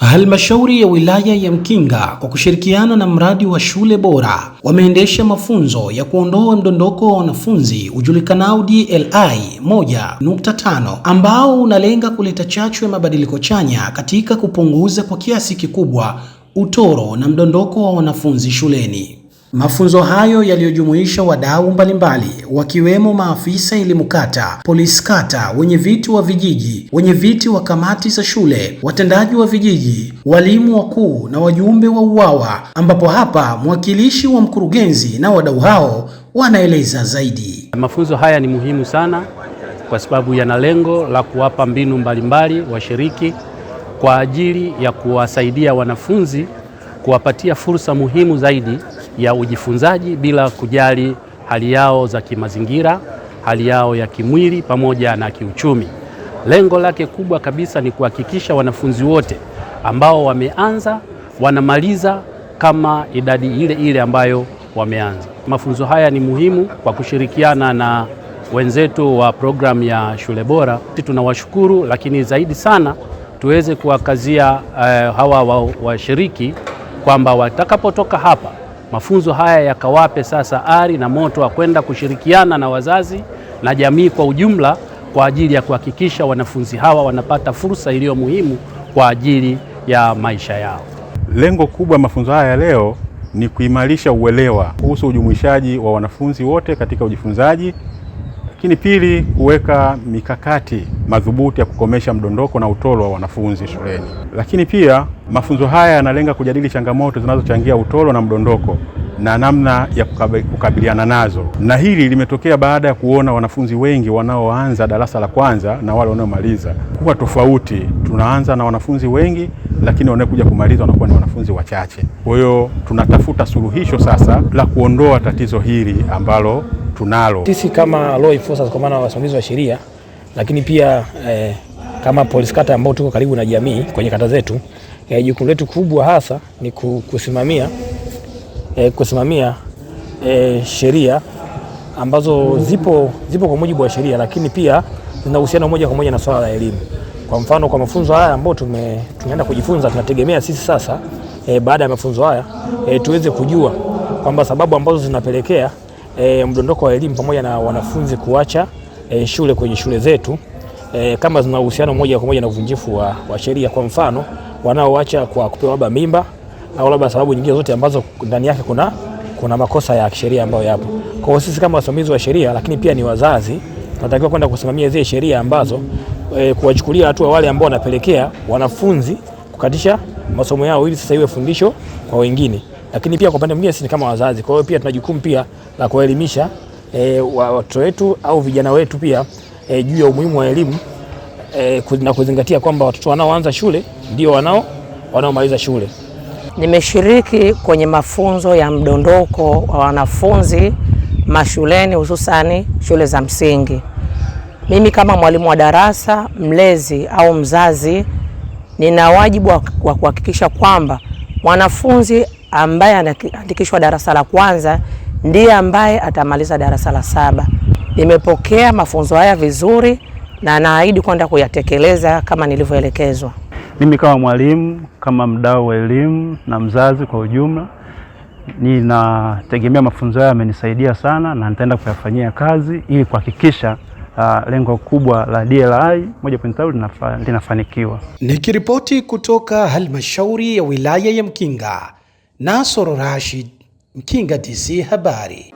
Halmashauri ya wilaya ya Mkinga kwa kushirikiana na mradi wa shule bora wameendesha mafunzo ya kuondoa mdondoko wa wanafunzi ujulikanao DLI 1.5 ambao unalenga kuleta chachu ya mabadiliko chanya katika kupunguza kwa kiasi kikubwa utoro na mdondoko wa wanafunzi shuleni. Mafunzo hayo yaliyojumuisha wadau mbalimbali wakiwemo maafisa elimu kata, polisi kata, wenye viti wa vijiji, wenye viti wa kamati za shule, watendaji wa vijiji, walimu wakuu na wajumbe wa UWAWA, ambapo hapa mwakilishi wa mkurugenzi na wadau hao wanaeleza zaidi. Mafunzo haya ni muhimu sana kwa sababu yana lengo la kuwapa mbinu mbalimbali washiriki kwa ajili ya kuwasaidia wanafunzi kuwapatia fursa muhimu zaidi ya ujifunzaji bila kujali hali yao za kimazingira, hali yao ya kimwili pamoja na kiuchumi. Lengo lake kubwa kabisa ni kuhakikisha wanafunzi wote ambao wameanza wanamaliza kama idadi ile ile ambayo wameanza. Mafunzo haya ni muhimu kwa kushirikiana na wenzetu wa programu ya Shule Bora. Tunawashukuru, lakini zaidi sana tuweze kuwakazia uh, hawa washiriki wa kwamba watakapotoka hapa Mafunzo haya yakawape sasa ari na moto wa kwenda kushirikiana na wazazi na jamii kwa ujumla kwa ajili ya kuhakikisha wanafunzi hawa wanapata fursa iliyo muhimu kwa ajili ya maisha yao. Lengo kubwa mafunzo haya ya leo ni kuimarisha uelewa kuhusu ujumuishaji wa wanafunzi wote katika ujifunzaji, lakini pili, kuweka mikakati madhubuti ya kukomesha mdondoko na utoro wa wanafunzi shuleni, lakini pia Mafunzo haya yanalenga kujadili changamoto zinazochangia utoro na mdondoko na namna ya kukabiliana nazo, na hili limetokea baada ya kuona wanafunzi wengi wanaoanza darasa la kwanza na wale wanaomaliza kuwa tofauti. Tunaanza na wanafunzi wengi, lakini wanaokuja kumaliza wanakuwa ni wanafunzi wachache. Kwa hiyo tunatafuta suluhisho sasa la kuondoa tatizo hili ambalo tunalo sisi kama law enforcers, kwa maana wasimamizi wa sheria, lakini pia eh, kama polisi kata ambao tuko karibu na jamii kwenye kata zetu e, jukumu letu kubwa hasa ni kusimamia, e, kusimamia e, sheria ambazo zipo, zipo kwa mujibu wa sheria, lakini pia zina moja kwa moja na swala la elimu. Kwa mfano kwa mafunzo haya ambayo tunaenda kujifunza, tunategemea sisi sasa e, baada ya mafunzo haya e, tuweze kujua kwamba sababu ambazo zinapelekea e, mdondoko wa elimu pamoja na wanafunzi kuacha e, shule kwenye shule zetu e, kama zina uhusiano moja kwa moja na uvunjifu wa, wa sheria kwa mfano wanaoacha kwa kupewa labda mimba au labda sababu nyingine zote ambazo ndani yake kuna, kuna makosa ya kisheria ambayo yapo. Kwa hiyo sisi kama wasimamizi wa sheria, lakini pia ni wazazi, tunatakiwa kwenda kusimamia zile sheria ambazo e, kuwachukulia hatua wale ambao wanapelekea wanafunzi kukatisha masomo yao ili sasa iwe fundisho kwa wengine, lakini pia kwa upande mwingine sisi kama wazazi, kwa hiyo pia tuna jukumu pia la kuwaelimisha e, watoto wetu au vijana wetu pia e, juu ya umuhimu wa elimu eh, na kuzingatia kwamba watoto wanaoanza shule ndio wanao wanaomaliza shule. Nimeshiriki kwenye mafunzo ya mdondoko wa wanafunzi mashuleni hususani shule za msingi. Mimi kama mwalimu wa darasa, mlezi au mzazi, nina wajibu wa kuhakikisha kwamba mwanafunzi ambaye anaandikishwa darasa la kwanza ndiye ambaye atamaliza darasa la saba. Nimepokea mafunzo haya vizuri na naahidi kwenda kuyatekeleza kama nilivyoelekezwa. Mimi kama mwalimu, kama mdau wa elimu na mzazi kwa ujumla, ninategemea mafunzo hayo yamenisaidia sana na nitaenda kuyafanyia kazi ili kuhakikisha Uh, lengo kubwa la DLI 1.0 linafa, linafanikiwa. Nikiripoti kutoka halmashauri ya wilaya ya Mkinga, Nasoro Rashid, Mkinga DC Habari.